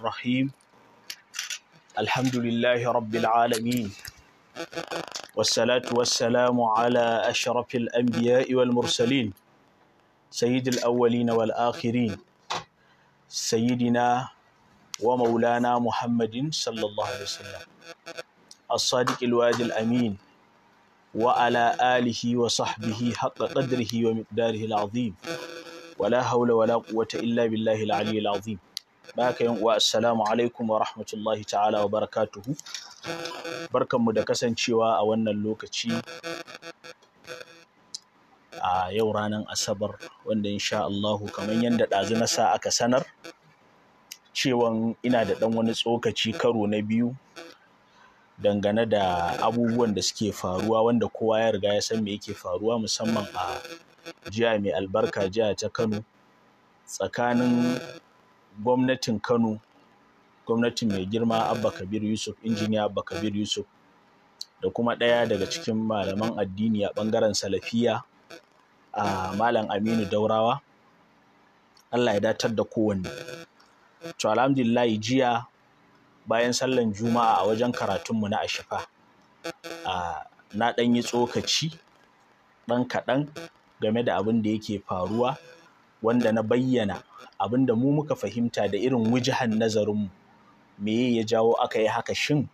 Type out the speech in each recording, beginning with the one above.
الرحيم الحمد لله رب العالمين والصلاة والسلام على أشرف الأنبياء والمرسلين سيد الأولين والآخرين سيدنا ومولانا محمد صلى الله عليه وسلم الصادق الواد الأمين وعلى آله وصحبه حق قدره ومقداره العظيم ولا حول ولا قوة إلا بالله العلي العظيم Baka yin uwa assalamu alaikum wa rahmatullahi ta'ala wa barakatuhu. Barkanmu da kasancewa a wannan lokaci a yau ranar Asabar wanda insha Allahu kamar yadda ɗazu na sa aka sanar cewan ina da ɗan wani tsokaci karo na biyu dangane da abubuwan da suke faruwa wanda kowa ya riga ya san me yake faruwa musamman a jiya mai albarka jiya ta Kano tsakanin gwamnatin kano gwamnatin mai girma abba kabir yusuf injiniya abba kabir yusuf da kuma ɗaya daga cikin malaman addini a ɓangaren salafiya a malam aminu daurawa allah ya datar da kowanne to alhamdulillahi jiya bayan sallan juma'a a wajen karatunmu na ashifa na ɗan yi tsokaci ɗan kaɗan game da abin da yake faruwa wanda na bayyana abin da mu muka fahimta da irin wujahan nazarinmu me ya jawo aka yi haka shin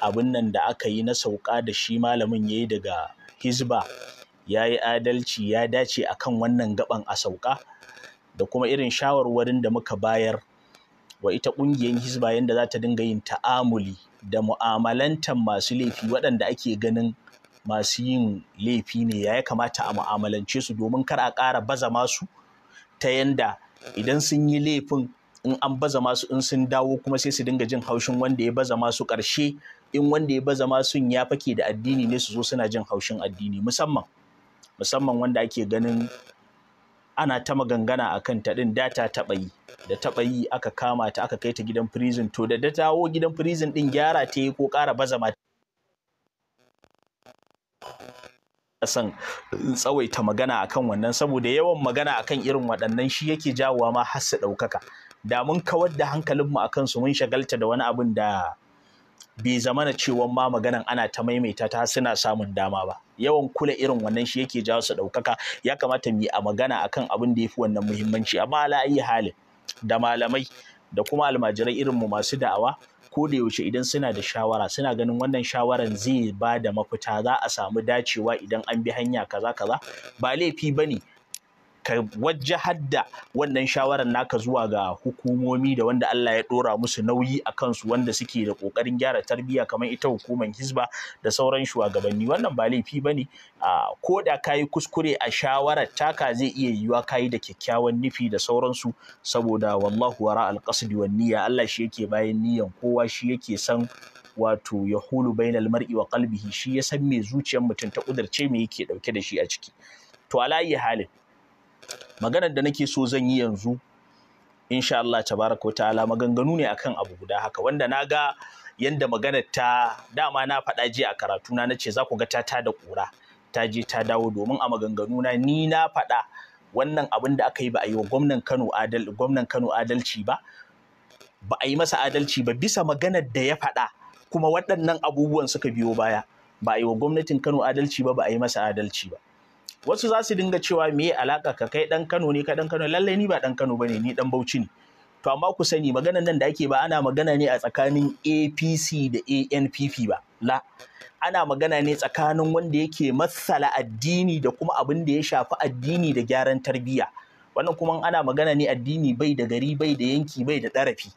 abin nan da aka yi na sauka da shi malamin ya yi daga hizba ya yi adalci ya dace a kan wannan gaban a sauka da kuma irin shawarwarin da muka bayar wa ita ƙungiyar hizba yadda za ta dinga yin ta'amuli da mu'amalantar masu laifi waɗanda ake ganin masu yin laifi ne ya kamata a mu'amalance su domin kar a ƙara baza masu ta yanda idan sun yi laifin in an baza masu in sun dawo kuma sai su dinga jin haushin wanda ya baza masu ƙarshe in wanda ya baza masu ya fake da addini ne su zo suna jin haushin addini musamman musamman wanda ake ganin ana ta magangana a kan ta ɗin data taɓa yi da taɓa yi aka kama ta aka kai ta gidan prison to da ta dawo gidan prison ɗin gyara ta yi ko ƙara baza mata son tsawaita magana akan wannan saboda yawan magana akan irin waɗannan shi yake jawowa ma har su ɗaukaka da mun kawar da hankalinmu akan su mun shagalta da wani abin da bai zamana cewa ma maganan ana ta maimaita ta suna samun dama ba yawan kula irin wannan shi yake jawo su ɗaukaka ya kamata mu yi a magana akan abin da ya fi wannan muhimmanci amma ala ayi da malamai da kuma almajirai irin mu masu da'awa ko yaushe idan suna da shawara suna ganin wannan shawaran zai ba da mafita za a samu dacewa idan an bi hanya kaza kaza ba laifi bane ka wajahar da wannan shawarar naka zuwa ga hukumomi da wanda Allah ya dora musu nauyi a kansu wanda suke da kokarin gyara tarbiyya kamar ita hukumar hizba da sauran shugabanni wannan ba laifi bane ko da kayi kuskure a shawarar taka zai iya yiwa kayi da kyakkyawan nufi da sauransu saboda wallahu wara alqasdi wan niyya Allah shi yake bayan niyyan kowa shi yake san wato ya hulu bainal mar'i wa qalbihi shi ya san me zuciyar mutum ta kudarce me yake dauke da shi a ciki to alayi halin maganar da nake so zan yi yanzu insha Allah tabaraka wa ta'ala maganganu ne akan abu guda haka wanda na ga yanda maganar ta dama na faɗa jiya a karatuna na ce za ku ga ta ta da ƙura ta je ta dawo domin a maganganu na ni na faɗa wannan abin da aka yi ba a yi wa gwamnan Kano adal gwamnan Kano adalci ba ba a yi masa adalci ba bisa maganar da ya faɗa kuma waɗannan abubuwan suka biyo baya ba a yi wa gwamnatin Kano adalci ba ba a yi masa adalci ba wasu za su dinga cewa me alaka ka kai ɗan Kano ne ka dan Kano Lallai ni ba dan Kano bane ni dan Bauchi ne to amma ku sani maganan nan da ake ba ana magana ne a tsakanin APC da ANPP ba la ana magana ne tsakanin wanda yake matsala addini da kuma abin da ya shafi addini da gyaran tarbiyya wannan kuma ana magana ne addini bai da gari bai da yanki bai da ɗarafi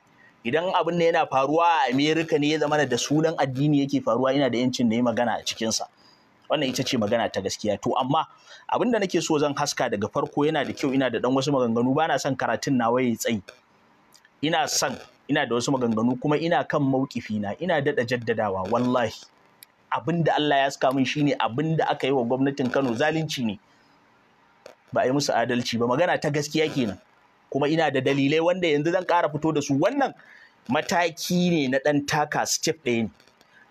idan abin da yana faruwa a amerika ne ya zama da sunan addini yake faruwa Ina da yancin da ya magana a cikinsa wannan ita ce magana ta gaskiya to amma abin da nake so zan haska daga farko yana da kyau ina da dan wasu maganganu bana son karatun nawa ya tsayi ina son ina da wasu maganganu kuma ina kan mawkifi na ina dada jaddadawa wallahi abin da Allah ya saka min shine abin da aka yi wa gwamnatin Kano zalunci ne ba a yi musu adalci ba magana ta gaskiya kenan kuma ina da dalilai wanda yanzu zan ƙara fito da su wannan mataki ne na ɗan taka step ɗaya ne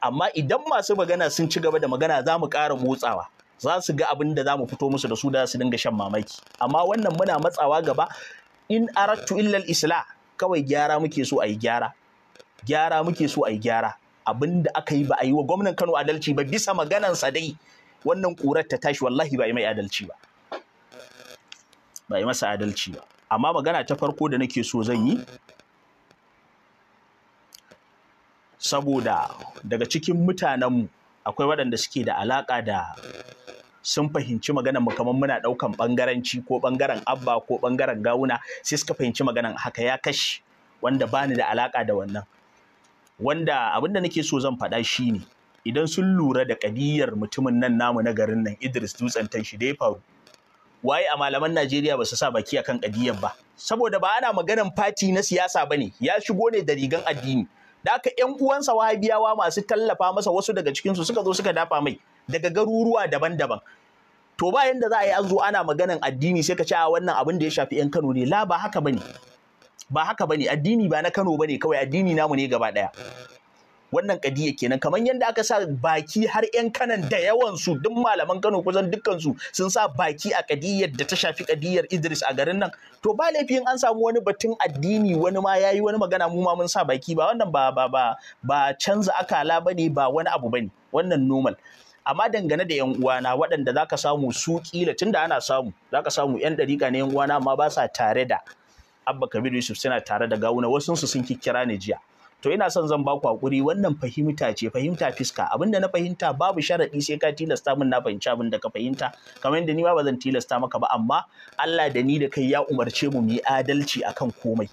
amma idan masu magana sun ci gaba da magana za mu ƙara motsawa za su ga abin da za mu fito musu da su da su dinga shan mamaki amma wannan muna matsawa gaba in arattu illal isla kawai gyara muke so a yi gyara gyara muke so a yi gyara abin da aka yi ba a yi wa gwamnan Kano adalci ba bisa maganansa dai wannan ƙurar ta tashi wallahi ba yi mai adalci ba ba yi masa adalci ba amma magana ta farko da nake so zan yi saboda daga cikin mutanenmu akwai waɗanda suke da alaƙa da sun fahimci magana mu kamar muna ɗaukan ɓangaranci ko ɓangaren abba ko ɓangaren gawuna sai suka fahimci maganar haka ya kashe, wanda ba ni da alaƙa da wannan wanda abin da nake so zan faɗa shi ne idan sun lura da ƙadiyar mutumin nan namu na garin nan Idris Dutsen shi da ya faru waye a malaman Najeriya ba su sa baki akan ƙadiyar ba saboda ba ana maganan fati na siyasa ba ne, ya shigo ne da rigan addini da aka yan uwansa wahabiyawa masu tallafa masa wasu daga cikinsu suka zo suka dafa mai daga garuruwa daban-daban to ba yanda za a yi an ana maganan addini sai ka ce a wannan abin da ya shafi yan Kano ne la ba haka bane ba haka bane addini ba na Kano bane kawai addini namu ne gaba daya wannan kadiya kenan kamar yadda aka sa baki har yan kanan da yawan su duk malaman Kano kusan dukkan sun sa baki a kadiyar da ta shafi kadiyar Idris a garin nan to ba laifin an samu wani batun addini wani ma yayi wani magana mu ma mun sa baki ba wannan ba ba ba ba canza akala bane ba wani abu bane wannan normal amma dangane da yan uwana waɗanda zaka samu su kila tunda ana samu zaka samu yan dariƙa ne yan uwana amma ba sa tare da Abba Kabir Yusuf suna tare da gawuna wasu sun kikkira ne jiya to ina son zan ba ku hakuri wannan fahimta ce fahimta fiska abinda na fahimta babu sharaɗi sai ka tilasta min na fahimci abin da ka fahimta kamar yadda ni ma ba zan tilasta maka ba amma Allah da ni da kai ya umarce mu mu yi adalci akan komai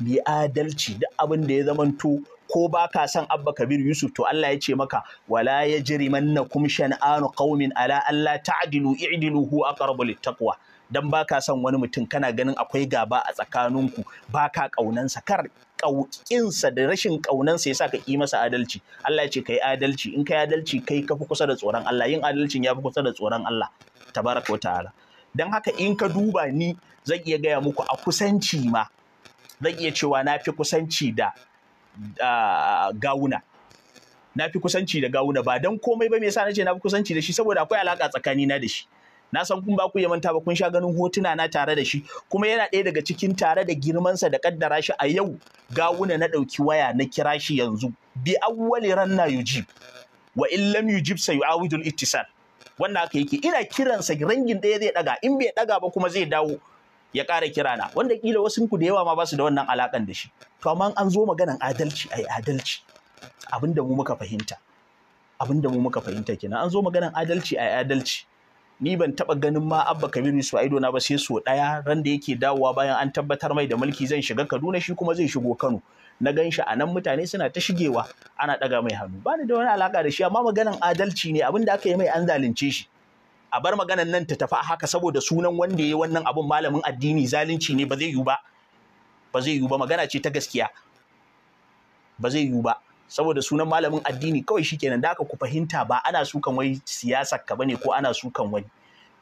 mu yi adalci duk abin da ya zamanto ko ba ka son abba kabir yusuf to Allah ya ce maka wala ya jiri manna kum shan'anu qaumin ala alla ta'dilu i'dilu hu aqrabu littaqwa dan ba ka son wani mutum kana ganin akwai gaba a tsakaninku ba ka ƙaunansa kar Ƙauƙinsa da rashin ƙaunansa ya sa ka yi masa adalci Allah ya ce yi adalci in ka yi adalci kai ka fi kusa da tsoron Allah yin adalcin ya fi kusa da tsoron Allah tabaraka wa ta'ala dan haka in ka duba ni zan iya gaya muku a kusanci ma zan iya cewa na fi kusanci da gawuna na fi kusanci da gawuna ba Don komai ba me yasa na ce na fi kusanci da shi saboda akwai alaƙa tsakanina da shi na san kun ba ku ya manta ba kun sha ganin hotuna na tare da shi kuma yana ɗaya daga cikin tare da girmansa da kaddara shi a yau gawuna na ɗauki waya na kira shi yanzu bi awwali ranna yujib wa in lam yujib sayu'awidul ittisal wannan aka yake ina kiransa rangin ɗaya zai ɗaga in bai ɗaga ba kuma zai dawo ya ƙara kira na wanda kila wasu ku da yawa ma ba su da wannan alakan da shi to amma an zo maganan adalci ai adalci abinda mu muka fahimta abinda mu muka fahimta kenan an zo maganan adalci ai adalci ni ban taba ganin ma abba kabiru su ido na ba sai so daya ran da yake dawowa bayan an tabbatar mai da mulki zan shiga kaduna shi kuma zai shigo kano na gan shi a nan mutane suna ta shigewa ana daga mai hannu ba ni da wani alaka da shi amma maganan adalci ne abin da aka yi mai an zalunce shi a bar maganan nan ta tafi haka saboda sunan wanda ya yi wannan abun malamin addini zalunci ne ba zai yiwu ba ba zai yiwu ba magana ce ta gaskiya ba zai yiwu ba saboda sunan malamin addini kawai shikenan da aka ku fahimta ba ana sukan wai siyasa ka bane ko ana sukan wani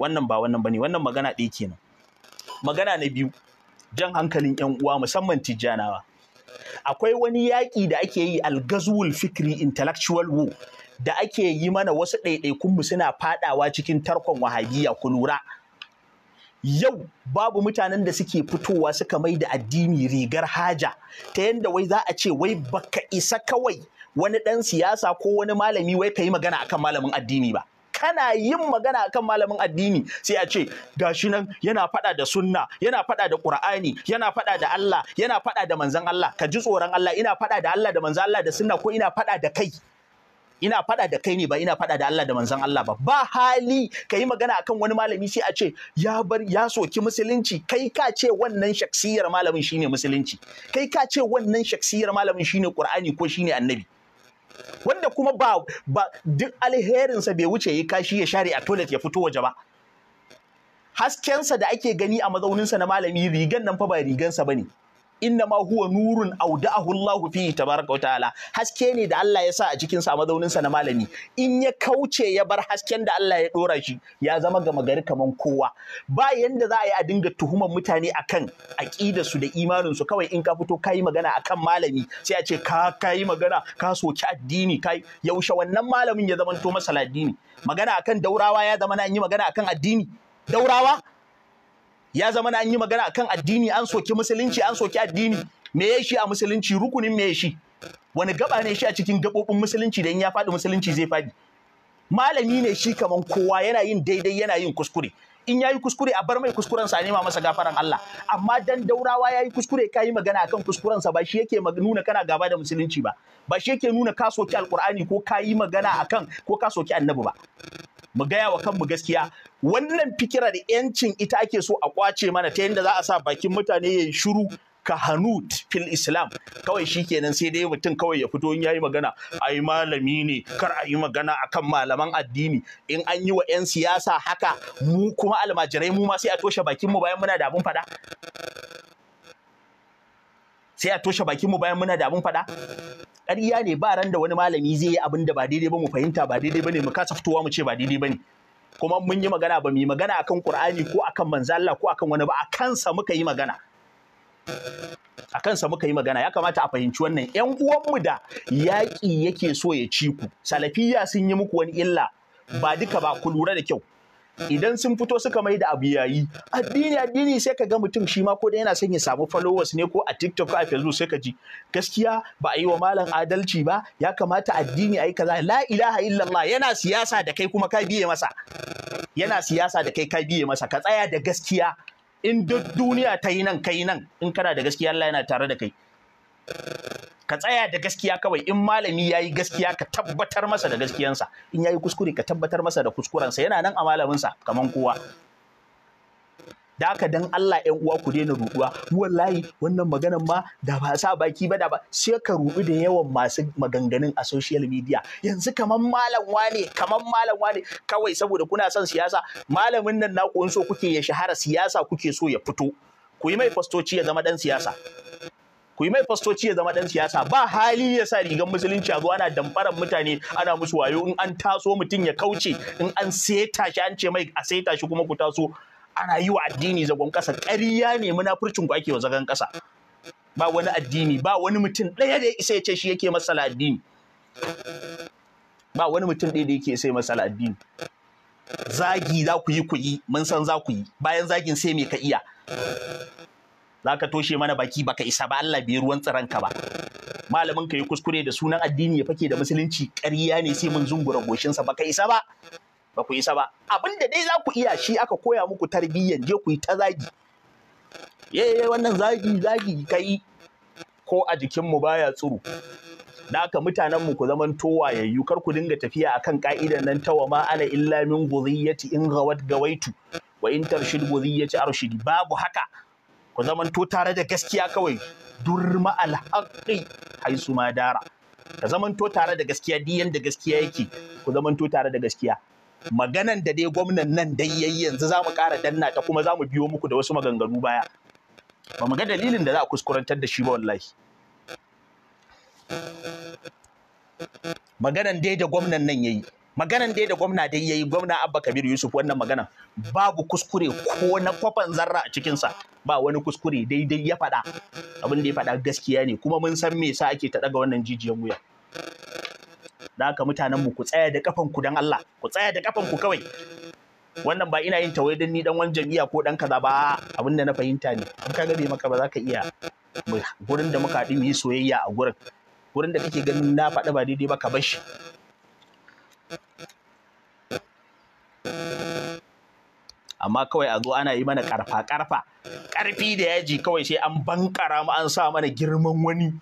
wannan ba wannan bane wannan magana ɗaya kenan magana na biyu jan hankalin yan uwa musamman tijjanawa akwai wani yaƙi da ake yi algazul fikri intellectual wo, da ake yi mana wasu ɗaiɗaikunmu suna faɗawa cikin tarkon wahabiya ku lura yau babu mutanen da suke fitowa suka mai da addini rigar haja ta yadda wai za a ce wai baka isa kawai wani ɗan siyasa ko wani malami wai ka yi magana akan malamin addini ba kana yin magana akan malamin addini sai a ce gashi nan yana fada da sunna yana fada da qur'ani yana fada da Allah yana fada da manzon Allah ka ji tsoron Allah ina fada da Allah da manzon Allah da sunna ko ina fada da kai ina faɗa da kai ne ba ina faɗa da Allah da manzon Allah ba ba hali ka yi magana akan wani malami sai a ce ya bar ya soki musulunci kai ka ce wannan shaksiyar malamin shine musulunci kai ka ce wannan shaksiyar malamin shine Qur'ani ko shine Annabi wanda kuma ba ba duk alherinsa bai wuce yi kashi ya share a toilet ya fito waje ba haskensa da ake gani a mazauninsa na malami rigan nan fa ba rigansa bane inna ma huwa nurun auda'ahu Allah fihi tabaraka wa ta'ala haske ne da Allah ya sa a cikin sa mazaunin sa na malami in ya kauce ya bar hasken da Allah ya dora shi ya zama gama gari kaman kowa ba yanda za a yi a dinga tuhumar mutane akan aqida su da imanin su kawai in ka fito kai magana akan malami sai a ce ka kai magana ka soki addini kai yaushe wannan malamin ya zamanto masa addini magana akan daurawa ya zama na yi magana akan addini daurawa ya zama na an yi magana akan addini an soki musulunci an soki addini me ya shi a musulunci rukunin me ya shi wani gaba ne shi a cikin gabobin musulunci da in ya faɗi musulunci zai faɗi malami ne shi kaman kowa yana yin daidai yana yin kuskure in yayi kuskure a bar mai kuskuren sa nema masa gafaran Allah amma dan daurawa yayi kuskure kai magana akan kuskuren sa ba shi yake nuna kana gaba da musulunci ba ba shi yake nuna ka soki alqur'ani ko kayi magana akan ko ka soki annabi ba mu gaya wa kanmu gaskiya wannan fikira da yancin ita ake so a kwace mana ta yadda za a sa bakin mutane ya shiru ka hanut fil islam kawai shikenan sai dai mutum kawai ya fito in yayi magana ai malami ne kar a yi magana akan malaman addini in an yi wa 'yan siyasa haka mu kuma almajirai mu ma sai a toshe bakin mu bayan muna da abun fada sai a toshe bakin mu bayan muna da abun fada ƙarya ne ba ran da wani malami zai yi abin da ba daidai ba mu fahimta ba daidai ba ne mu kasa fitowa mu ce ba daidai ba ne kuma mun yi magana ba mu yi magana akan Qur'ani ko akan manzo Allah ko akan wani ba a kansa muka yi magana a kansa muka yi magana ya kamata a fahimci wannan yan uwanmu da yaƙi yake so ya ci ku salafiyya sun yi muku wani illa ba duka ba ku lura da kyau idan sun fito suka mai da abu yayi addini addini sai ka ga mutum shi ma ko da yana son ya samu followers ne ko a TikTok ko a Facebook sai ka ji gaskiya ba a yi wa malam adalci ba ya kamata addini ayi kaza la ilaha illallah yana siyasa da kai kuma ka biye masa yana siyasa da kai ka biye masa ka tsaya da gaskiya in duk duniya ta yi nan kai nan in kana da gaskiya Allah yana tare da kai ka tsaya da gaskiya kawai in malami ya yi gaskiya ka tabbatar masa da gaskiyansa in ya yi kuskure ka tabbatar masa da kuskurensa yana nan a malaminsa kaman kowa da haka dan Allah ƴan uwa ku daina ruduwa wallahi wannan maganan ma da ba sa baki ba da ba sai ka rudu da yawan masu maganganun a social media yanzu kamar malam wane kamar malam wane kawai saboda kuna son siyasa malamin nan naku in so kuke ya shahara siyasa kuke so ya fito ku yi mai fastoci ya zama dan siyasa ku yi mai fastoci ya zama ɗan siyasa ba hali ya sa rigar musulunci a zo ana damfarar mutane ana musu wayo in an taso mutum ya kauce in an seta shi an ce mai a seta shi kuma ku taso ana yi wa addini zagon ƙasa ƙarya ne munafurcin ku ake wa zagon ƙasa ba wani addini ba wani mutum ɗaya da ya isa ya ce shi yake masala addini ba wani mutum ɗaya da yake isa ya masala addini zagi za ku yi ku yi mun san za ku yi bayan zagin sai me ka iya Za ka toshe mana baki baka isa ba Allah bai ruwan ka ba malamin ka yi kuskure da sunan addini ya fake da musulunci ƙarya ne sai mun zungura goshinsa baka isa ba ba ku isa ba abin da dai za ku iya shi aka koya muku tarbiyyan je ku yi ta zagi ye eh, eh, wannan zagi zagi kai ko a jikin mu baya tsuru da haka mutanen mu ku zaman yayyu kar ku dinga tafiya akan ka'idan nan ta ma ana illa min in gawat gawaitu wa in tarshid guziyati arshidi babu haka ku zamanto tare da gaskiya kawai durma alhaqi haisu madara. ka zamanto tare da gaskiya diyan da gaskiya yake ku zamanto tare da gaskiya maganan da dai gwamnan nan dai yayi yanzu za mu ƙara danna ta kuma za mu biyo muku da wasu maganganu baya ba mu ga dalilin da za a kuskurantar da shi ba wallahi maganan dai da gwamnan nan yayi maganan dai da gwamna dai yayi gwamna Abba Kabir Yusuf wannan maganan babu kuskure ko na kwafan zarra a cikinsa ba wani kuskure daidai ya faɗa abin da ya faɗa gaskiya ne kuma mun san me yasa ake ta daga wannan jijiyan wuya da haka mutanen mu ku tsaya da kafan ku dan Allah ku tsaya da kafan ku kawai wannan ba ina yin tawaye dan ni dan wani jami'a ko dan kaza ba abin da na fahimta ne in ka bai maka ba za ka iya gurin da muka haɗu mu yi soyayya a gurin gurin da kake ganin na faɗa ba daidai ba ka bar shi amma kawai a zo ana yi mana karfa karfa karfi da yaji kawai sai an bankara mu an sa mana girman wani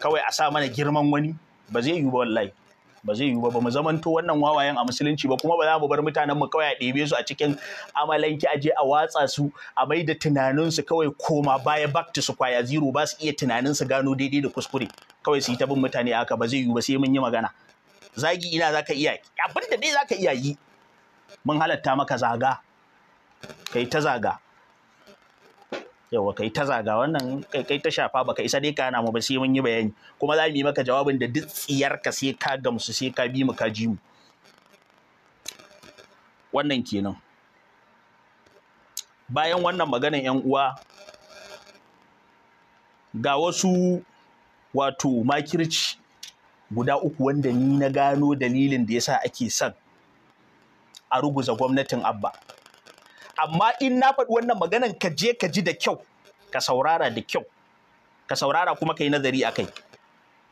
kawai a sa mana girman wani ba zai yiwu ba wallahi ba zai yiwu ba ba mu zamanto wannan wawayen a musulunci ba kuma ba za mu bar mutanen mu kawai a ɗebe su a cikin amalanki a je a watsa su a mai da tunanin su kawai koma baya back to kwaya zero ba su iya tunanin su gano daidai da kuskure kawai su yi ta bin mutane haka ba zai yiwu ba sai mun yi magana zagi ina zaka iya Abinda ne zaka iya yi mun halatta maka zaga kai ta zaga yawa kai ta zaga wannan kai kai ta shafa baka isa dai kana mu ba sai mun yi bayani kuma za mu yi maka jawabin da duk tsiyar ka sai ka gamsu sai ka bi mu ka ji mu wannan kenan bayan wannan maganar yan uwa ga wasu wato makirci guda uku wanda ni na gano dalilin da yasa ake son a ruguza gwamnatin abba amma in na faɗi wannan maganan ka je ka ji da kyau ka saurara da kyau ka saurara kuma ka yi nazari a kai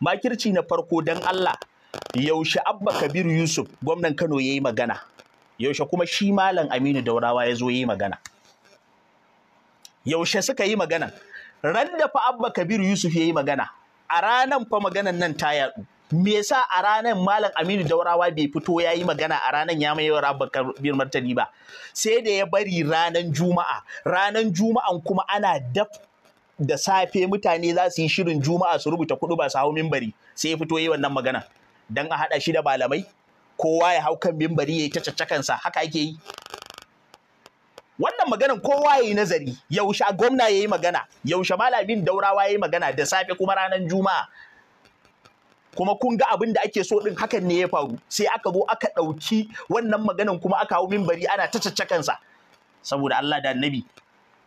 makirci na farko don Allah yaushe abba kabir yusuf gwamnan kano ya yi magana yaushe kuma shi malam aminu daurawa ya zo ya yi magana yaushe suka yi magana ran da fa abba kabir yusuf ya yi magana a ranan fa maganan nan ta yaɗu me yasa a ranar malam aminu daurawa bai fito ya yi magana a ranar ya mai yara bakar martani ba sai da ya bari ranar juma'a ranar juma'an kuma ana daf da safe mutane za su yi shirin juma'a su rubuta kudu ba su hau mimbari sai ya fito ya yi wannan magana dan a haɗa shi da malamai kowa ya hau kan mimbari ya yi ta caccakansa haka ake yi wannan maganan kowa ya yi nazari yaushe gwamna ya yi magana yaushe malamin daurawa ya yi magana da safe kuma ranar juma'a kuma kun ga abin da ake so din hakan ne ya faru sai aka zo aka ɗauki wannan maganan kuma aka hau minbari ana ta caccakansa saboda Allah da annabi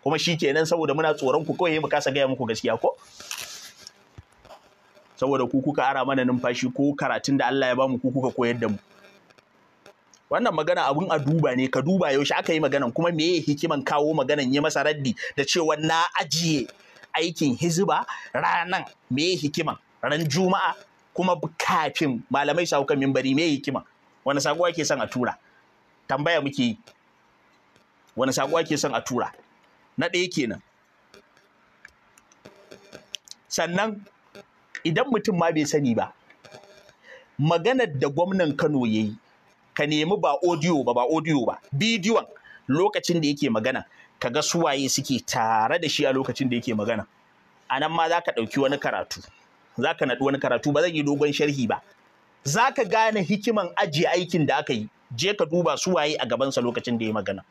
kuma shi kenan saboda muna tsoron ku kawai mu kasa gaya muku gaskiya ko saboda ku kuka ara mana numfashi ko karatun da Allah ya bamu ku kuka koyar da mu wannan magana abun a duba ne ka duba yaushe aka yi maganan kuma meye hikiman kawo maganan ya masa raddi da cewa na ajiye aikin hizba ranan meye hikiman ran juma'a kuma kafin malamai shawo kan mimbari mai hikima wani sako ake son a tura tambaya muke yi wani sako ake son a tura na ɗaya kenan sannan idan mutum ma bai sani ba maganar da gwamnan Kano ya yi ka nemi ba audio ba ba audio ba bidiyon lokacin da yake magana ka ga suwaye suke tare da shi a lokacin da yake magana a nan ma za ka ɗauki wani karatu Za ka naɗu wani karatu ba zan yi dogon sharhi ba Za ka gane hikiman ajiye aikin da aka yi je ka duba su waye a gabansa lokacin da ya magana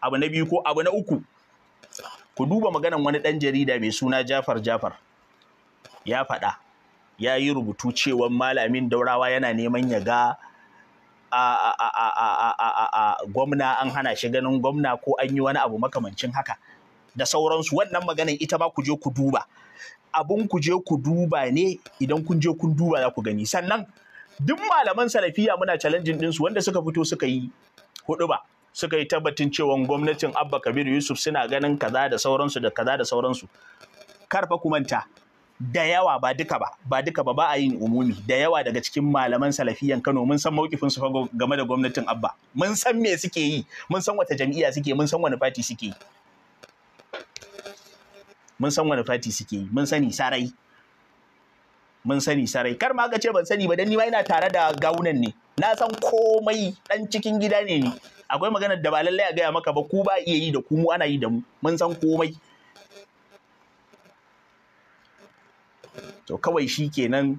abu na biyu ko abu na uku ku duba maganan wani ɗan jarida mai suna Jafar Jafar ya faɗa ya yi rubutu cewa malamin daurawa yana neman ya ga a gwamna an hana shi ganin gwamna ko an yi wani abu makamancin haka da sauransu wannan maganan ita ma ku je ku duba Abin ku je ku duba ne idan kun je kun duba za ku gani sannan duk malaman salafiya muna din su. wanda suka fito suka yi hudu ba suka yi tabbatin cewa gwamnatin abba kabir yusuf suna ganin kaza da sauransu da kaza da sauransu karfa kumanta da yawa ba duka ba ba duka ba ba a yin umumi da yawa daga cikin malaman salafiyan kano mun san mawkifin su game da gwamnatin abba mun san me suke yi mun san wata jam'iyya suke mun san wani fati suke yi mun san wani fati suke yi mun sani sarai mun sani sarai kar ma ka ce ban sani ba dan ni ma ina tare da gawunan ne na san komai dan cikin gida ne ni akwai magana da ba lallai a gaya maka ba ku ba iya yi da ku mu ana yi da mu mun san komai to kawai shi kenan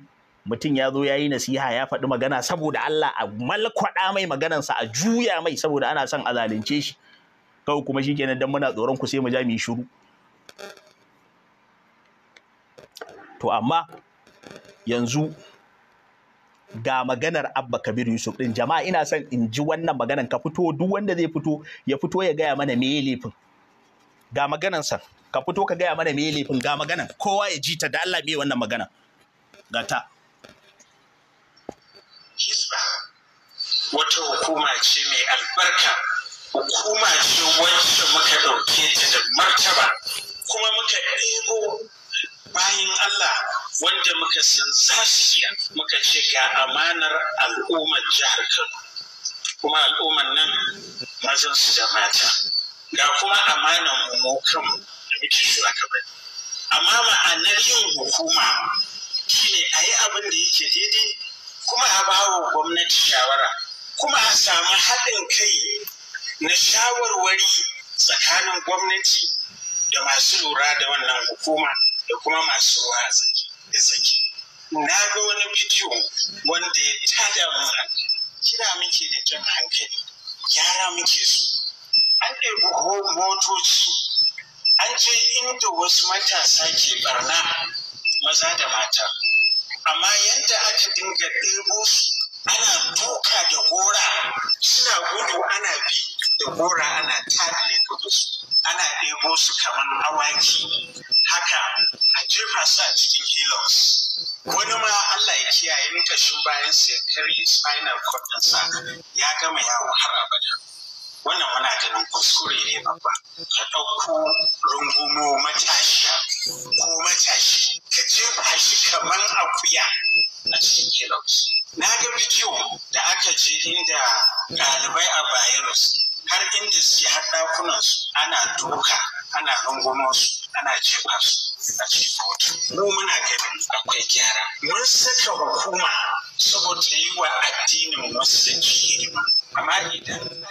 mutum ya zo ya yi nasiha ya faɗi magana saboda Allah a malkwaɗa mai maganansa a juya mai saboda ana son a zalunce shi kawai kuma shi kenan dan muna tsoron ku sai mu ja mu shiru to amma yanzu ga maganar abba kabir yusuf din jama'a ina son in ji wannan maganan ka fito duk wanda zai fito ya fito ya gaya mana me laifin ga maganan sa ka fito ka gaya mana me laifin ga maganan kowa ya ji ta da Allah me wannan magana Gata. ta wata hukuma ce mai albarka hukuma ce wacce muka ɗauke ta da martaba kuma muka ɗebo bayan Allah wanda muka san za iya muka ce ga amanar al'ummar jihar Kano kuma al'ummar nan mazan su da mata ga kuma amanar mu kan da muke shugabanni amma ma'anar yin hukuma shine a yi abin da yake daidai kuma a ba wa gwamnati shawara kuma a samu haɗin kai na shawarwari tsakanin gwamnati da masu lura da wannan hukuma. da kuma masu ruwa a tsaki da tsaki na ga wani bidiyo wanda ya tada mana kira muke da jan hankali gyara muke su an ɗaiɓi motoci an je inda wasu matasa ke barna maza da mata amma yadda aka dinga ɗebo su ana duka da gora suna gudu ana bi da gora ana tafiye da su ana ɗebo su kamar awaki haka a jefa su a cikin hilos wani ma Allah ya kiyaye in kashin bayan sai ya karye spinal cord sa, ya gama yawo har abada wannan muna ganin kuskure ne babba ka ɗauko rungumo matashiya ko matashi ka jefa shi kamar akuya a cikin hilos na ga bidiyo da aka je inda ɗalibai a bayan har inda suke har su ana doka ana rungumo su ana jefa su a cikin kotu mu muna ganin akwai gyara mun saka hukuma saboda yi wa addinin musulunci hidima amma idan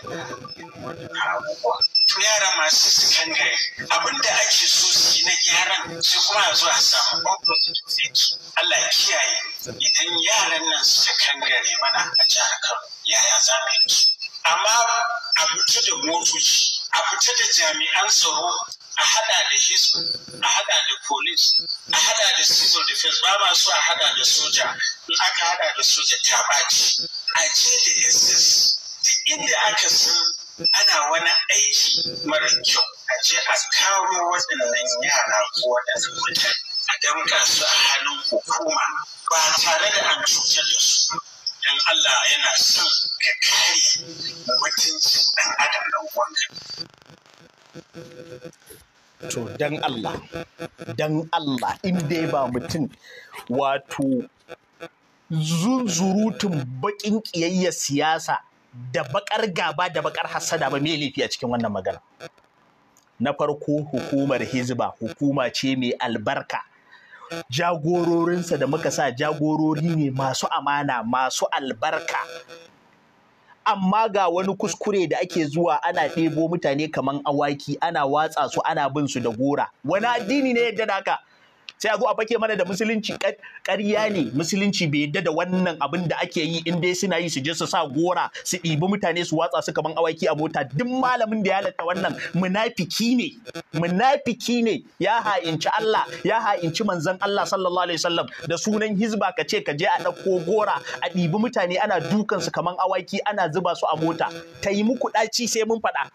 to yara masu sakandare abin da ake so su yi na gyaran su kuma a zo a samu opposite Allah kiyaye idan yaran nan kangare mana a jihar Kano yaya za mu yi su amma a fita da motoci a fita da jami'an tsaro a hada da hisb a hada da police a hada da civil defense ba masu a hada da soja in aka hada da soja ta ɓaci a je da ss inda aka san ana wani aiki mara kyau a je a kawo waɗannan yara ko waɗannan mutane a damka su a hannun hukuma ba tare da an cutar da su dan Allah yana son ka kare mutuncin dan adam dan uwanka to dan Allah dan Allah in dai ba mutum wato zunzurutun baƙin kiyayya siyasa da bakar gaba da bakar hasada ba mai laifi a cikin wannan magana na farko hukumar hizba hukuma ce mai albarka jagororinsa da muka sa jagorori ne masu amana masu albarka amma ga wani kuskure da ake zuwa ana ɗebo mutane kaman awaki ana watsa su ana bin su da gora wani addini ne yadda da haka sai a zo a fake mana da musulunci ƙarya ne musulunci bai yadda da wannan abin da ake yi in dai suna yi su je su sa gora su ɗibi mutane su watsa su kaman awaki a mota duk malamin da ya halatta wannan munafiki ne munafiki ne ya ha'inci Allah ya ha'inci manzon Allah sallallahu alaihi wasallam da sunan hizba ka ce ka je a ɗauko gora a ɗibi mutane ana dukan su kaman awaki ana zuba su a mota ta yi muku ɗaci sai mun faɗa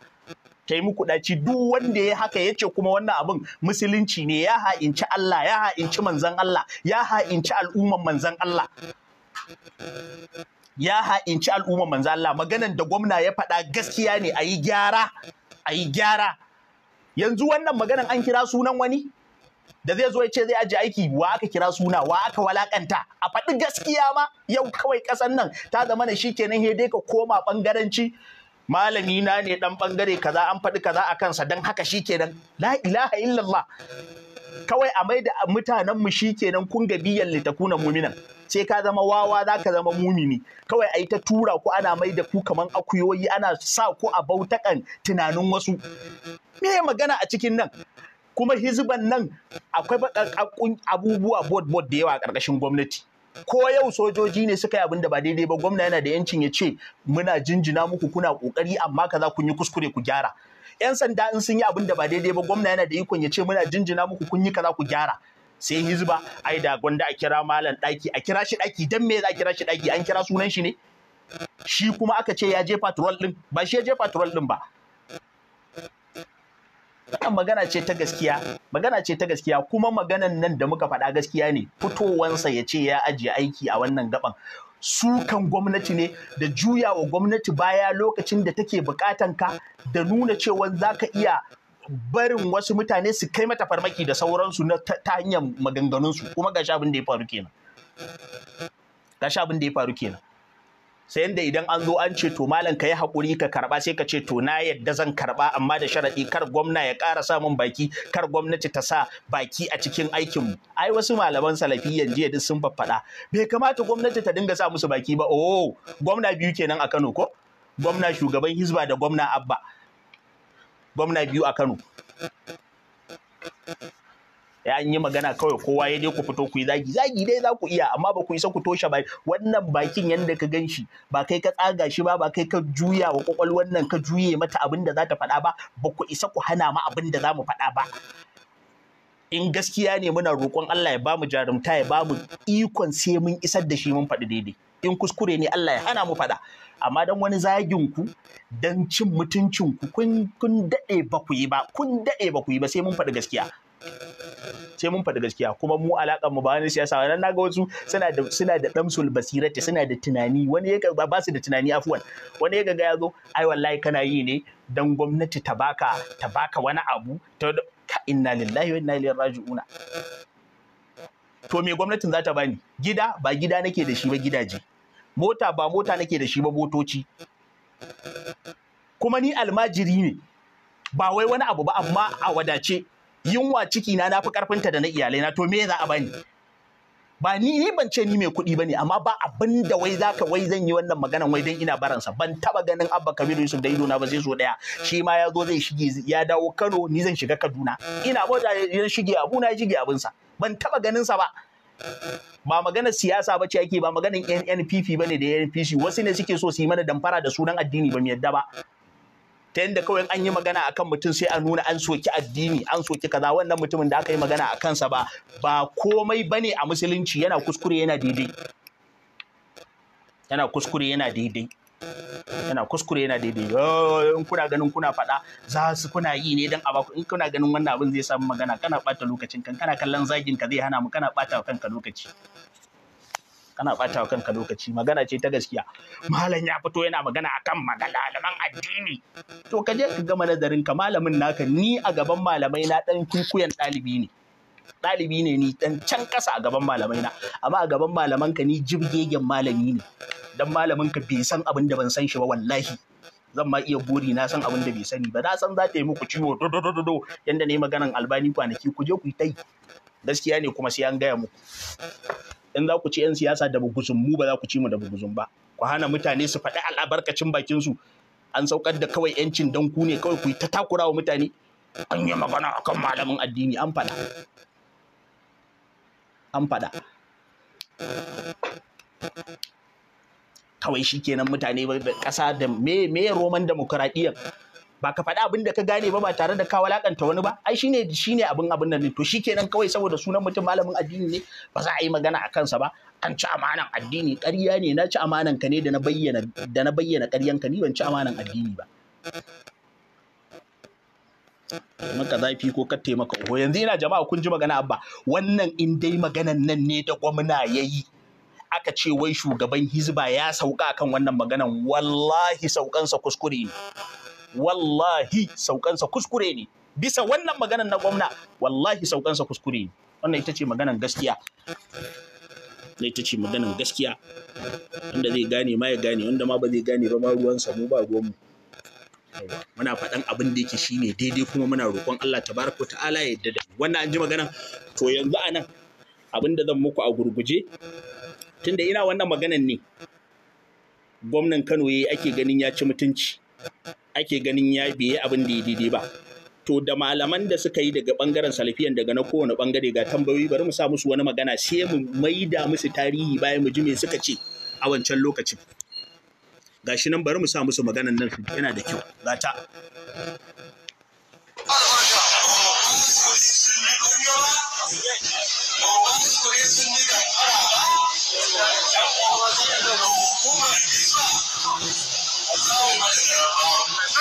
ta yi muku ɗaci duk wanda ya haka ya ce kuma wannan abin musulunci ne ya ha'inci Allah ya ha'inci manzan Allah ya ha'inci al'umman manzan Allah ya ha'inci al'umman manzan Allah maganan da gwamna ya faɗa gaskiya ne a yi gyara a yi gyara yanzu wannan maganan an kira sunan wani da zai zo ya ce zai aji aiki wa aka kira suna wa aka walakanta a faɗi gaskiya ma yau kawai ƙasan nan ta zama na shi kenan he dai ka koma ɓangaranci malami na ne dan bangare kaza an faɗi kaza a kansa don haka shikenan la ilaha illallah kawai a maida mutanen mu shikenan kun ga biyan litakuna muminan sai ka zama wawa za ka zama mumini kawai a yi ta tura ku ana mai da ku kaman akuyoyi ana sa ku a bautakan tunanin wasu me magana a cikin nan kuma hizban nan akwai abubuwa bod bod da yawa a ƙarƙashin gwamnati ko yau sojoji ne suka yi abin da ba daidai ba gwamna yana da yancin ya ce muna jinjina muku kuna kokari amma kaza kun yi kuskure ku gyara yan sanda in sun yi abin da ba daidai ba gwamna yana da ikon ya ce muna jinjina muku kun yi kaza ku gyara sai hizba ai da gwanda a kira malam daki a kira shi daki dan me za a kira shi daki an kira sunan shi ne shi kuma aka ce ya je patrol din ba shi ya je patrol din ba wannan magana ce ta gaskiya magana ce ta gaskiya kuma maganan nan da muka faɗa gaskiya ne fitowansa ya ce ya ajiye aiki a wannan gaban sukan gwamnati ne da juya wa gwamnati baya lokacin da take bukatan ka da nuna cewa za ka iya barin wasu mutane su kai mata farmaki da sauransu na ta hanyar maganganunsu kuma ga abin da ya faru kenan ga abin da ya faru kenan sai yanda idan an zo an ce to malam ka yi hakuri ka karɓa sai ka ce to na yadda zan karɓa amma da sharaɗi kar gwamna ya ƙara samun baki kar gwamnati ta sa baki a cikin aikinmu ai wasu malaman salafi jiya duk sun faffaɗa bai kamata gwamnati ta dinga sa musu baki ba oh gwamna biyu kenan a Kano ko gwamna shugaban hizba da gwamna abba gwamna biyu a Kano Eh, an yi magana kawai kowa ya dai ku fito ku yi zagi zagi dai za ku iya amma ba ku isa ku toshe ba wannan bakin yanda ka gan shi ba kai ka tsaga shi ba ba kai ka juya wa kwakwalwar nan ka juye mata abin da za ta faɗa ba ba ku isa ku hana ma abin da za mu faɗa ba in gaskiya ne muna roƙon Allah ya bamu jarumta ya bamu ikon sai mun isar da shi mun faɗi daidai in kuskure ne Allah ya hana mu faɗa amma dan wani zagin ku dan cin mutuncin ku kun kun dade ba ku yi ba kun dade ba ku yi ba sai mun faɗi gaskiya sai mun faɗi gaskiya kuma mu alaƙar mu ba wani siyasa wannan naga wasu suna da suna da damsul basirati suna da tunani wani ya ba su da tunani afwan wani ya ga ya zo ai wallahi kana yi ne dan gwamnati ta baka ta baka wani abu ta inna lillahi wa inna ilaihi raji'una to me gwamnatin za ta bani gida ba gida nake da shi ba gidaje mota ba mota nake da shi ba motoci kuma ni almajiri ne ba wai wani abu ba amma a wadace yunwa ciki na nafi karfinta da na iyalai na to me za a bani ba ni ni ban ce ni mai kuɗi bane amma ba abinda da wai zaka wai zan yi wannan maganan wai dan ina baransa ban taba ganin Abba Kabiru Yusuf da ido na ba sai so daya shi ma ya zo zai shige ya dawo Kano ni zan shiga Kaduna ina da ya shige abu na shige abin sa ban taba ganin sa ba ba magana siyasa ba ce ake ba maganan NNPP bane da NPC wasu ne suke so su yi mana damfara da sunan addini ba mu yadda ba ta yadda kawai an yi magana akan mutum sai a nuna an soki addini an soki kaza wannan mutumin da aka yi magana a kansa ba ba komai ba ne a musulunci yana kuskure yana daidai yana kuskure yana daidai yana kuskure yana daidai in kuna ganin kuna faɗa za su kuna yi ne don abaku in kuna ganin wannan abin zai samu magana kana ɓata lokacin kan kana kallon zagin ka zai hana mu kana ɓata kanka lokaci kana ɓata wa kanka lokaci magana ce ta gaskiya malam ya fito yana magana akan malaman addini to ka je ka gama nazarin ka malamin naka ni a gaban malamai na ɗan kukuyan ɗalibi ne ɗalibi ne ni ɗan can ƙasa a gaban malamai na amma a gaban malaman ka ni jibgegen malami ne dan malamin ka bai san abin da ban san shi ba wallahi zan ma iya buri na san abin da bai sani ba na san za ta yi muku ciwo do do do do yanda ne maganan albani kwanaki ku je ku yi tai gaskiya ne kuma sai an gaya muku in za ku ci 'yan siyasa da buguzun mu ba za ku ci mu da buguzun ba ku hana mutane su faɗi al'abarkacin bakin su an saukar da kawai 'yancin dan ku ne kawai ku yi ta takurawa mutane an yi magana akan malamin addini an faɗa an faɗa kawai shi kenan mutane ƙasa da me roman demokradiyyar. ba ka faɗi abin da ka gane ba ba tare da ka walakanta wani ba ai shine shine abin abin nan ne to shikenan kawai saboda sunan mutum malamin addini ne ba za a yi magana a kansa ba an ci amanan addini ƙarya ne na ci amanan ka ne da na bayyana da na bayyana ƙaryan ka ni ban ci amanan addini ba maka zafi ko ka taimaka ko yanzu ina jama'a kun ji magana abba wannan in dai maganan nan ne da gwamna ya yi. aka ce wai shugaban hizba ya sauka kan wannan maganan wallahi saukansa kuskure ne wallahi saukansa kuskure ne bisa wannan maganan na gwamna wallahi saukansa kuskure ne wannan ita ce maganan gaskiya na ita ce maganan gaskiya wanda zai gane ma ya gane wanda ma ba zai gane ba ma ruwansa mu ba ruwanmu muna faɗan abin da yake shine daidai kuma muna roƙon Allah tabaraka ta'ala ya yarda da wannan an ji maganan to yanzu anan abin da zan muku a gurguje tunda ina wannan maganan ne gwamnan Kano yayi ake ganin ya ci mutunci ake ganin ya biye abin da ya daidai ba to da malaman da suka yi daga bangaren salafiyan daga na kowane bangare ga tambayoyi bari mu sa musu wani magana sai mu maida musu tarihi bayan mu ji me suka ce a wancan lokacin gashi nan bari mu sa musu maganan nan yana da kyau gata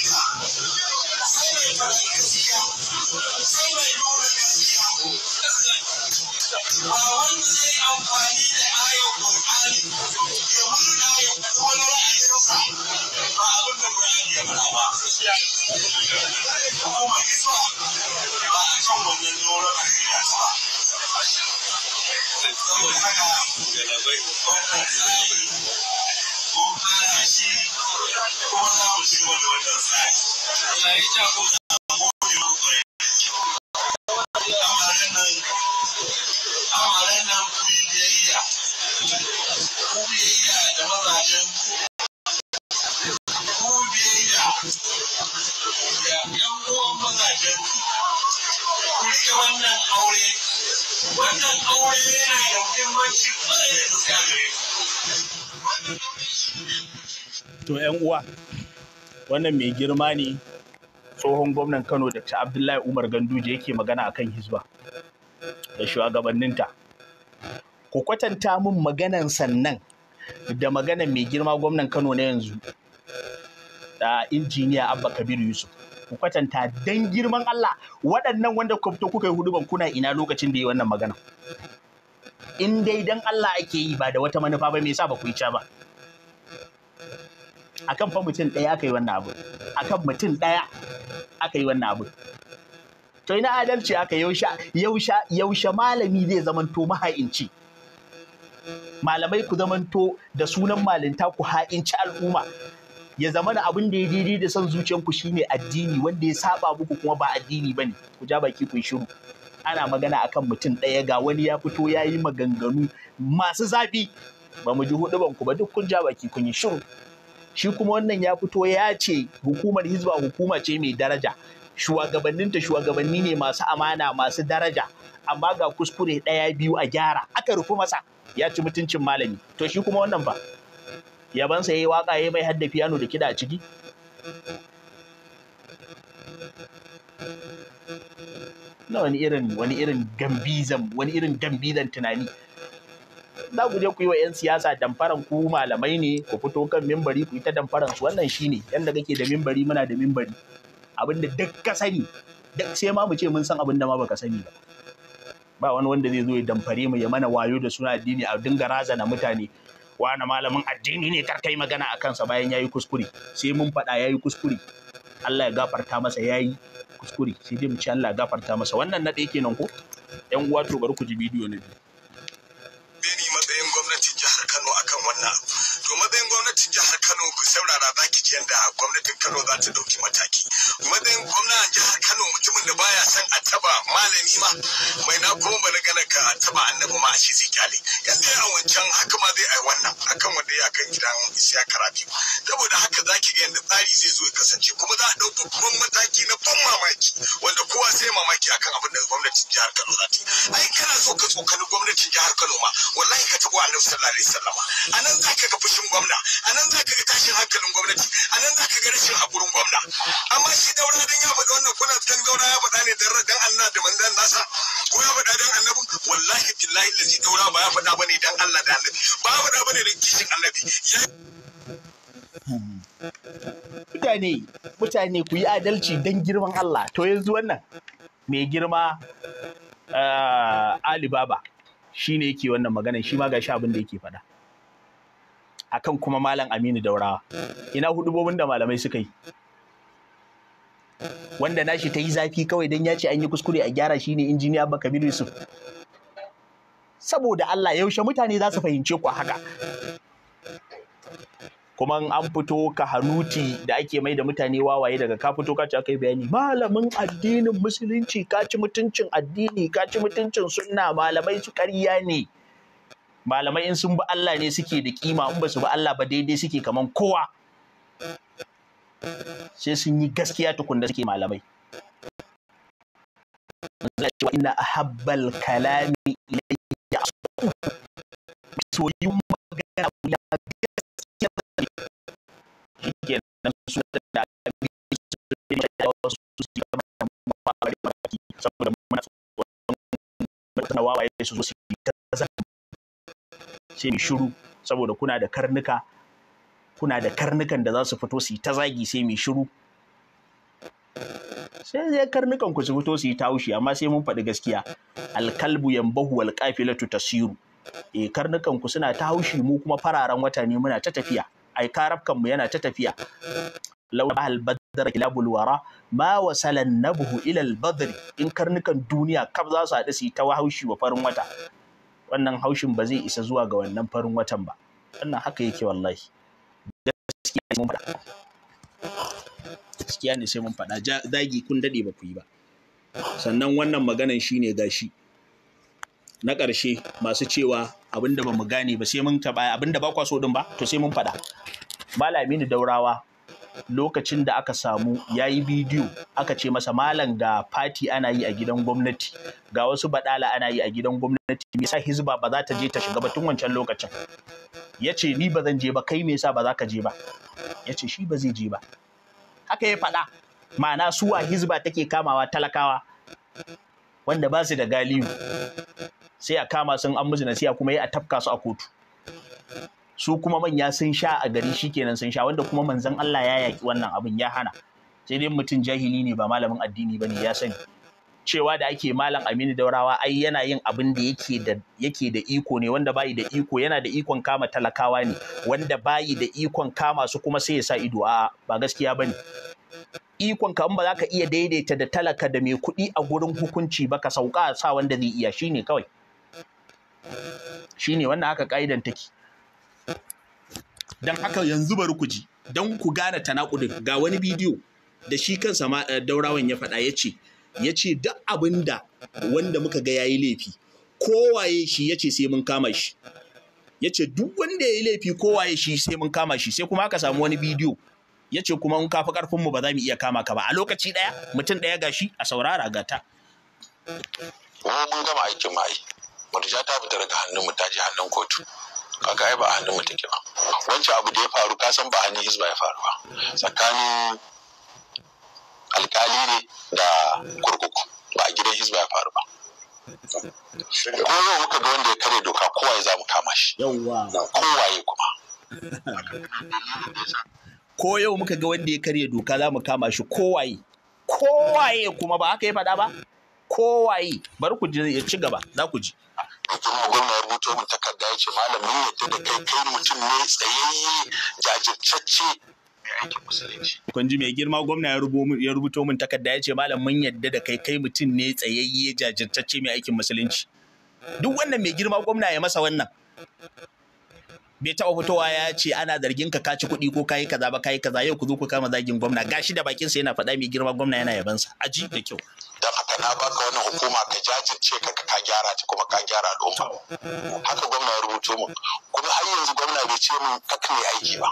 啊，我们这些阿华姨、阿姨、姑奶奶、叔叔、爷爷奶奶，啊，我们这些阿婆、叔叔阿姨、姑妈姨妈，啊，中午我们都要吃啊。He was also a member of the Socialist Democrat Party. wato ‘yan uwa, wannan mai girma ne tsohon gwamnan Kano da ta Abdullahi Umar Ganduje yake magana akan Hizba da shugabanninta. Ku kwatanta mun maganan sannan da maganan mai girma gwamnan Kano na yanzu da injiniya Abba Kabiru Yusuf. Ku kwatanta dan girman Allah waɗannan wanda kuka yi hudu ban kuna ina lokacin da yi wannan magana. In dai dan Allah ake yi ba da wata manufa ba me yasa ba ku yi ca ba. akan fa mutum ɗaya aka yi wannan abu akan mutum ɗaya aka yi wannan abu to ina adalci aka yaushe malami zai zamanto maha'inci malamai ku zamanto da sunan malinta ku ha'inci al'umma ya zama da abin da ya daidai da son zuciyar ku shine addini wanda ya saba muku kuma ba addini bane ku ja baki ku shiru ana magana akan mutum ɗaya ga wani ya fito ya yi maganganu masu zafi ba mu ji hudu ba duk kun ja baki kun yi shiru shi kuma wannan ya fito ya ce hukumar hizba hukuma ce mai daraja shugabanninta shugabanni ne masu amana masu daraja amma ga kuskure ɗaya biyu a gyara aka rufe masa ya ci mutuncin malami to shi kuma wannan ba yabansa ya yi waka ya mai hadda fiyano da kiɗa a ciki na wani irin wani irin gambizan wani irin gambizan tunani za ku je ku yi wa 'yan siyasa damfaran ku malamai ne ku fito kan mimbari ku yi ta damfaran su wannan shine yanda kake da mimbari muna da mimbari Abin da duk ka sani duk sai ma mu ce mun san abin da ma baka sani ba ba wani wanda zai zo ya damfare mu ya mana wayo da suna addini a dinga razana mutane wani malamin addini ne kar kai magana a kansa bayan yayi kuskure sai mun faɗa yayi kuskure Allah ya gafarta masa yayi kuskure sai dai mu ci Allah ya gafarta masa wannan na ɗaya kenan ko yan uwa to bari ku ji bidiyo na biyu whatnot gwamnatin jihar Kano ku saurara za ki ji yadda gwamnatin Kano za ta ɗauki mataki. Matsayin gwamnan jihar Kano mutumin da baya son a taba malami ma mai na ko ba na gana ka taba annabi ma a shi zai kyale. Yadda a wancan haka ma zai ai wannan akan wanda ya kan gidan isiya karafi. Saboda haka za ki ga yadda tsari zai zo ya kasance kuma za a ɗau babban mataki na ban mamaki wanda kowa sai mamaki akan abin da gwamnatin jihar Kano za ta yi. Ai kana so ka tsokani gwamnatin jihar Kano ma wallahi ka tabo annabi sallallahu alaihi wasallam. A nan za ka ga fushin gwamna. a nan za ka ga tashin hankalin gwamnati a nan za ka ga rashin haƙurin gwamna amma shi daura dan ya faɗa wannan kuna dan daura ya faɗa ne dan dan Allah da manzon nasa ko ya faɗa dan annabi wallahi billahi lazi daura ba ya faɗa bane dan Allah da annabi ba ya faɗa bane dan kishin annabi mutane mutane ku yi adalci dan girman Allah to yanzu wannan mai girma eh, Alibaba shi ne yake wannan magana shi ma ga shi abin da yake faɗa. akan kuma malam Aminu Daurawa ina hudubobin da malamai suka yi wanda nashi ta yi zafi kawai don ya ce an yi kuskure a gyara shine injiniya ba Kabiru su. saboda Allah yaushe mutane za su fahimce ku haka kuma an fito ka hanuti da ake mai da mutane wawaye daga ka fito ka ci aka yi bayani malamin addinin musulunci ka ci mutuncin addini ka ci mutuncin sunna malamai su ƙarya ne malamai in sun bi Allah ne suke da kima in ba su bi Allah ba daidai suke kaman kowa sai sun yi gaskiya tukun da suke malamai cewa ina ahabbal kalami ilayya soyun magana ya gaskiya shikenan su da saboda muna tsoron wawaye su zo su Sai mai shiru saboda kuna da karnuka kuna da karnukan da za su fito su yi ta zagi sai mai shiru sai zai karnukan ku su fito su yi ta haushi amma sai mun faɗi gaskiya alkalbu yambahu alkafilatu tasiru eh karnukan ku suna ta haushi mu kuma fararen wata ne muna ta tafiya ai karafkan mu yana ta tafiya law bahal badr kilabul wara ma wasala nabhu ila al badr in karnukan duniya kaf za su haɗu su yi ta haushi wa farin wata wannan haushin ba zai isa zuwa ga wannan farin watan ba wannan haka yake wallahi gaskiya ne mun faɗa gaskiya ne sai mun faɗa Zagi, kun dade ba ku yi ba sannan wannan maganan shine gashi na ƙarshe masu cewa abinda ba mu gane ba sai mun taɓa abinda ba kwa so din ba to sai mun faɗa Malaminu Daurawa lokacin da aka samu ya yi bidiyo aka ce masa malam ga fati ana yi a gidan gwamnati ga wasu baɗala ana yi a gidan gwamnati me yasa hizba ba za ta je ta shiga batun wancan lokacin ya ce ni ba zan je ba kai me yasa ba za ka je ba ya ce shi ba zai je ba haka ya faɗa ma'ana suwa hizba take kamawa talakawa wanda ba su da galiyu sai a kama sun an musu nasiya kuma ya a tafka su a kotu su kuma manya sun sha a gari shi kenan sun sha wanda kuma manzan Allah ya yaki wannan abin ya hana sai dai mutum jahili ne ba malamin addini bane ya sani cewa da ake malam Aminu Daurawa ai yana yin abin da yake da yake da iko ne wanda bayi da iko yana da ikon kama talakawa ne wanda bayi da ikon kama su kuma sai ya sa ido a ba gaskiya bane ikon ka in ba za ka iya daidaita da talaka da mai kuɗi a gurin hukunci ba ka sauka sa wanda zai iya shine kawai shine wannan haka ka'idan take don haka yanzu bari ku ji don ku gane tanakudin ga wani bidiyo da shi kansa ma eh, daurawan ya faɗa ya ce ya ce duk abin da wanda muka ga yayi laifi kowaye shi ya ce sai mun kama shi ya ce duk wanda ya yi laifi kowaye shi sai mun kama shi sai kuma aka samu wani bidiyo ya ce kuma in ka fi ƙarfinmu ba za mu iya kama ka ba a lokaci ɗaya mutum ɗaya ga shi a saurara ga ta. mun gama aikin mai, mutu ta fita daga hannunmu ta je hannun kotu kaga ai ba a hannun mutum ke ba wancan abu da ya faru ka san ba a hannun hizba ya faru ba tsakanin alkali ne da kurkuku ba a gidan hizba ya faru ba ko yau muka ga wanda ya kare doka kowaye za mu kama shi ya kuma ko yau muka ga wanda ya karya doka za mu kama shi kowaye kowaye kuma ba haka ya faɗa ba kowaye bari ku ji ya ci gaba za ku ji kuma gwamna ya rubuto mu takarda ya ce malamin yadda da kai kai mutum ne tsayayye jajirtacce aikin musulunci. Kun ji mai girma gwamna ya rubuto min takarda ya ce malam mun yadda da kai kai mutum ne tsayayye jajirtacce mai aikin musulunci. Duk wannan mai girma gwamna ya masa wannan. bai taɓa fitowa ya ce ana zargin ka kaci kuɗi ko kayi kaza ba kayi kaza yau ku zo ku kama zagin gwamna gashi da bakinsa yana faɗa mai girma gwamna yana yabansa aji da kyau dan haka na baka wannan hukuma ka jajirce ka ka gyara ta kuma ka gyara al'umma haka gwamna ya rubuto mu kuma har yanzu gwamna bai ce min kak mai aiki ba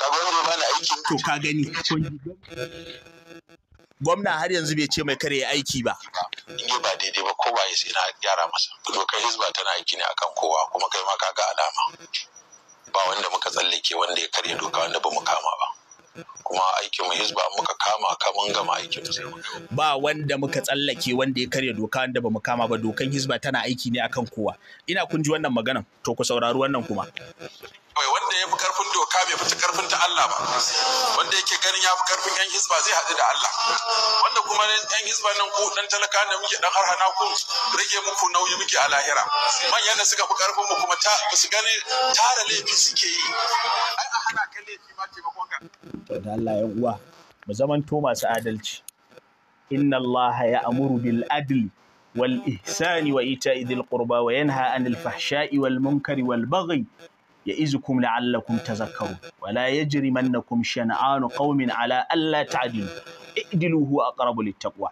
ka gwamna ya bani aiki to ka gani gwamna har yanzu bai ce mai kare aiki ba Ni ba daidai ba kowa ya sai na gyara masa kai hizba tana aiki ne akan kowa kuma kai ma ka ga alama ba wanda muka tsallake wanda ya karya doka wanda ba mu kama ba kuma aikin mu hizba muka kama ka mun gama aikin mu ba wanda muka tsallake wanda ya karya doka wanda ba mu kama ba dokan hizba tana aiki ne akan kowa ina kun ji wannan maganan to ku saurari wannan kuma ya fi karfin doka bai fita karfin ta Allah ba wanda yake ganin ya fi karfin yan hisba zai haɗu da Allah wanda kuma yan hisba nan ku dan talaka da muke dan harhana ku rage muku nauyi muke a lahira manyan da suka fi karfin mu kuma ta su gani tara laifi suke yi ai a hana ka laifi ma taimakon ka da Allah ya uwa mu zamanto masu adalci inna Allah ya amuru bil adli والإحسان وإيتاء ذي القربى وينهى عن الفحشاء والمنكر والبغي Ya يئزكم لعلكم تذكرون ولا يجرمنكم شنآن ala على ألا تعدلوا huwa هو أقرب للتقوى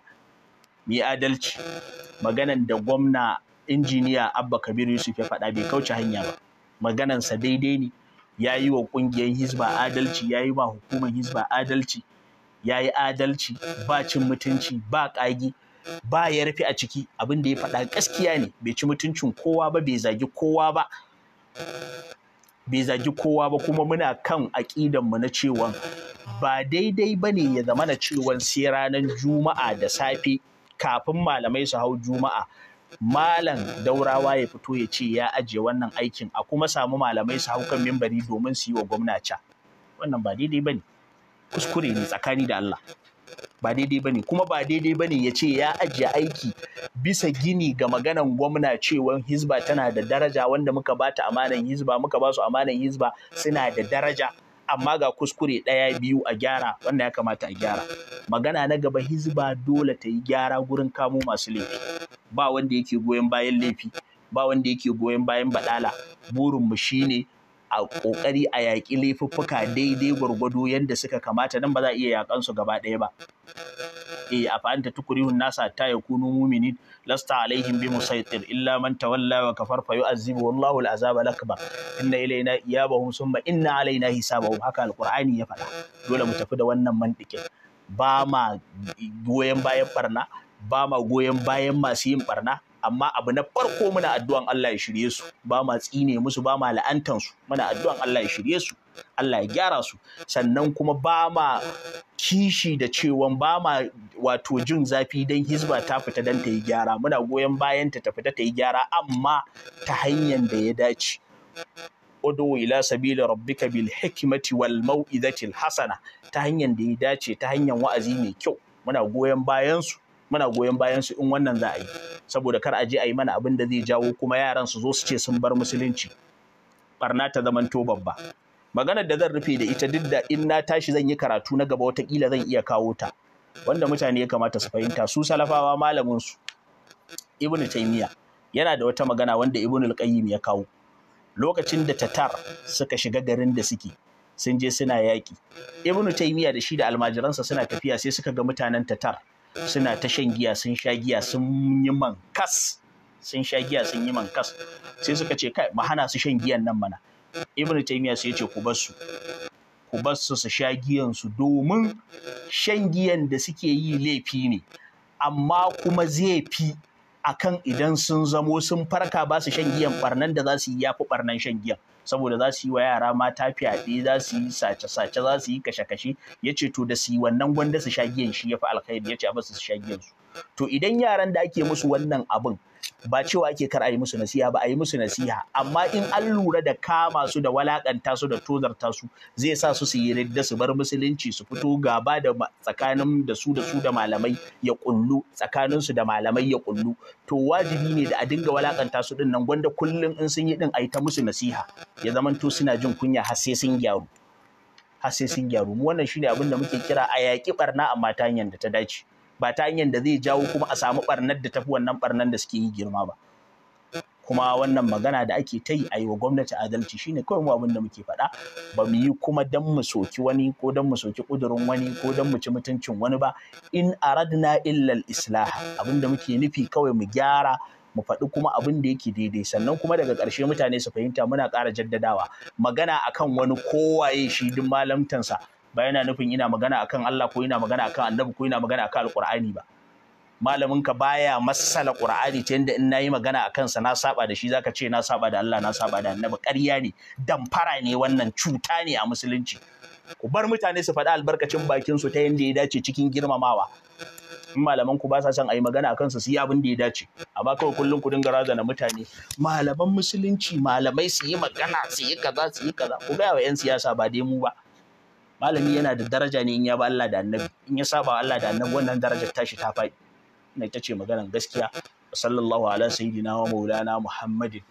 مي adalci maganan da gwamna injiniya Abba Kabir Yusuf ya faɗa bai kauce hanya ba maganan sa daidai ne ya yi wa ƙungiyar Hizba adalci ya yi wa hukumar Hizba adalci ya yi adalci ba cin mutunci ba ƙagi ba ya rufe a ciki abin da ya faɗa gaskiya ne bai ci mutuncin kowa ba bai zagi kowa ba bai zagi kowa ba kuma muna kan aƙidanmu na cewa ba daidai ba ne ya zama na cewa sai ranar juma'a da safe kafin malamai su hau juma'a malam daurawa ya fito ya ce ya ajiye wannan aikin a kuma samu malamai su hau kan mimbari domin su yi wa gwamnati wannan ba daidai ba ne kuskure ne tsakani da Allah ba daidai ba ne, kuma ba daidai ba ne ya ce ya ajiye aiki bisa gini ga maganan gwamna cewa hizba tana da daraja wanda muka ba ta amanan hizba muka ba su amanan hizba suna da daraja amma ga kuskure ɗaya biyu a gyara wanda ya kamata a gyara magana na gaba hizba dole ta yi gyara gurin kamo masu laifi ba wanda yake goyon bayan laifi ba wanda yake goyon bayan baɗala. badala burinmu shine a ƙoƙari a yaƙi laifuffuka daidai gwargwado yadda suka kamata nan ba za a iya yaƙan su gaba ɗaya ba Eh a fa'anta tukurihun nasa ta ya kunu muminin lasta alaihim bi musaitir illa man tawalla wa kafar fa yu'azzibu wallahu al'azaba lakba inna ilayna iyabahum summa inna alaina hisabahum haka alqur'ani ya faɗa dole mu tafi da wannan mantikin ba ma goyon bayan barna ba ma goyon bayan masu yin barna amma abu na farko muna addu'an Allah ya shirye su ba ma tsine musu ba ma la'antan su muna addu'an Allah ya shirye su Allah ya gyara su sannan kuma ba ma kishi da cewon ba ma wato jin zafi dan hizba ta fita dan ta yi gyara muna goyon bayan ta fita ta yi gyara amma ta hanyar da ya dace udu ila sabili rabbika bil hikmati wal mau'izatil hasana ta hanyar da ya dace ta hanyar wa'azi mai kyau muna goyon bayan su muna goyon bayan su in wannan za a yi saboda kar a je a yi mana abin da zai jawo kuma yaran su zo su ce sun bar musulunci barna ta zamanto babba maganar da zan rufe da ita duk da in na tashi zan yi karatu na gaba watakila zan iya kawo ta wanda mutane ya kamata su fahimta su salafawa malamin su ibnu taymiya yana da wata magana wanda ibnu al ya kawo lokacin da tatar suka shiga garin da suke sun je suna yaƙi ibnu taymiya da shi da almajiransa suna tafiya sai suka ga mutanen tatar suna ta shan giya sun sha giya sun yi man kas sun sha giya sun yi man kas sai suka ce kai hana su shan giyan nan mana ibnu taymiya sai ya ce ku bar su ku bar su su sha giyan su domin shan giyan da suke yi laifi ne amma kuma zai fi akan idan sun zamo sun farka ba su shan giyan barnan da za su yi yafi barnan shan giyan saboda za su yi wa yara mata fyaɗe za su yi sace-sace za su yi kashe-kashe ya ce to da su yi wannan gwanda su sha giyan shi ya fi alkhairi ya ce a basu su sha giyan su to idan yaran da ake musu eh. wannan abin ba cewa ake kar a yi musu nasiha ba a yi musu nasiha amma in an lura da kama su da walakanta su da tozarta su zai sa su su yi ridda su bar musulunci su fito gaba da tsakanin da su da su da malamai ya kullu tsakanin su da malamai ya kullu to wajibi ne da a dinga walakanta su din nan gwanda kullum in sun yi din a yi ta musu nasiha ya zamanto suna jin kunya har sai sun gyaru har sai sun gyaru wannan shine abin da muke kira a yaƙi barna amma ta hanyar da ta dace ba ta hanyar da zai jawo kuma a samu barnar da tafi wannan barnar da suke yi girma ba kuma wannan magana da ake ta yi a yi wa gwamnati adalci shine kawai mu abin da muke faɗa ba mu yi kuma dan mu soki wani ko dan mu soki kudurin wani ko dan mu ci mutuncin wani ba in aradna illal islaha abin da muke nufi kawai mu gyara mu faɗi kuma abin da yake daidai sannan kuma daga ƙarshe mutane su fahimta muna ƙara jaddadawa magana akan wani kowaye shi duk malamtansa ba yana nufin ina magana akan Allah ko ina magana akan annabi ko ina magana akan Al-Qur'ani ba malamin ka baya masala qur'ani ta yanda in nayi magana akan sa na saba da shi zaka ce na saba da Allah na saba da annabi ƙarya ne damfara ne wannan cuta ne a musulunci ku bar mutane su faɗi albarkacin bakin su ta yanda ya dace cikin girmamawa in malaman ku ba sa son a yi magana akan su yi abin da ya dace amma kawai kullum ku dinga razana mutane malaman musulunci malamai su yi magana su yi kaza su yi kaza ku ga wa 'yan siyasa ba dai mu ba malami yana da daraja ne in ya ba Allah da annabi in ya saba Allah da annabi wannan darajar tashi ta faɗi na ita ce maganar gaskiya sallallahu ala sayyidina wa maulana muhammadin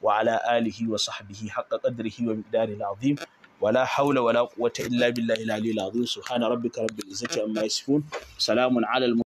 wa alihi wa sahbihi haqqa qadrihi wa miqdaril azim ولا حول ولا قوة إلا بالله العلي العظيم سبحان ربك رب العزة عما يصفون سلام